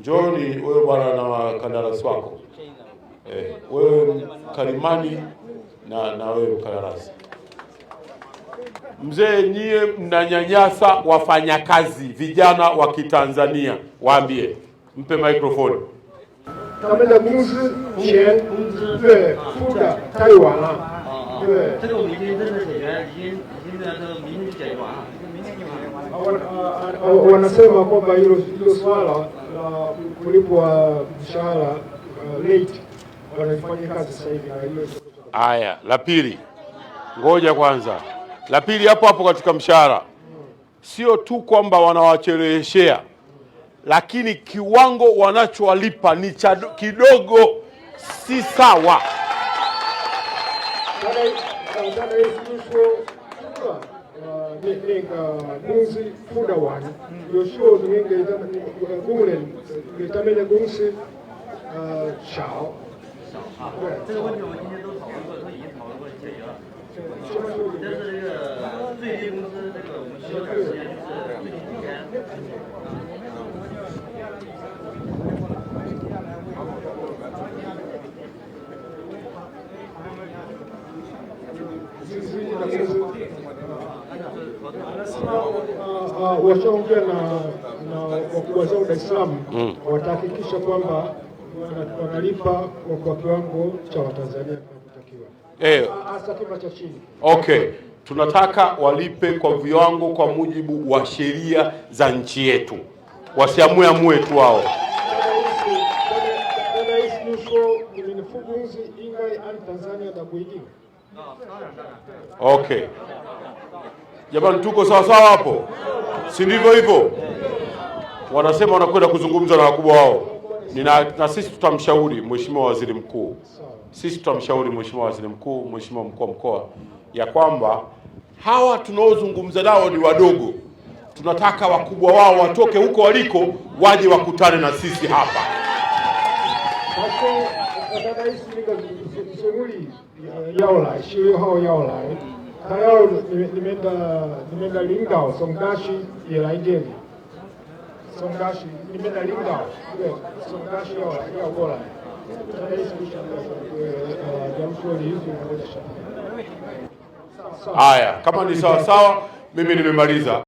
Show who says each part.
Speaker 1: Njoni wewe bwana na wakandarasi wako eh, wewe kalimani na na wewe mkandarasi mzee, nyie mnanyanyasa wafanyakazi vijana wa Kitanzania. Waambie, mpe microphone
Speaker 2: wanasema kwamba hilo swala kulipwa mshahara uh, late wanaifanyia kazi sasa hivi.
Speaker 1: Haya, la pili, ngoja kwanza, la pili hapo hapo katika mshahara, sio tu kwamba wanawacheleweshea, lakini kiwango wanachowalipa ni cha kidogo, si sawa.
Speaker 2: 呃，那那个公司付的完，有时候里们给他们工人给他们的公司呃，少
Speaker 3: 少啊。对，这个问题我们今天都讨论过都已经讨论过解决了。但是这个最低工资，这个我们休的时间
Speaker 2: 是每天。washaongea na wakubwa zao Dar es Salaam, watahakikisha kwamba wanalipa kwa kiwango cha Watanzania
Speaker 1: hasa kima cha chini. Okay, tunataka walipe kwa viwango kwa mujibu wa sheria za nchi yetu, wasiamue amue tu wao. Okay, jamani, tuko sawa sawa hapo, si ndivyo? Hivyo wanasema wanakwenda kuzungumza na wakubwa wao. Nina, na sisi tutamshauri Mheshimiwa Waziri Mkuu, sisi tutamshauri Mheshimiwa Waziri Mkuu, Mheshimiwa mkuu wa mkoa ya kwamba hawa tunaozungumza nao ni wadogo, tunataka wakubwa wao watoke huko waliko waje wakutane na sisi hapa.
Speaker 2: 大是那个水务里要来，修六号要来，还要你们你们的你们的领导总大区也来这里，总大区你们的领导对总大区要来要过来，大概是想的呃，咱们
Speaker 1: 说民主的想。Haya, kama ni sawa sawa, mimi nimemaliza.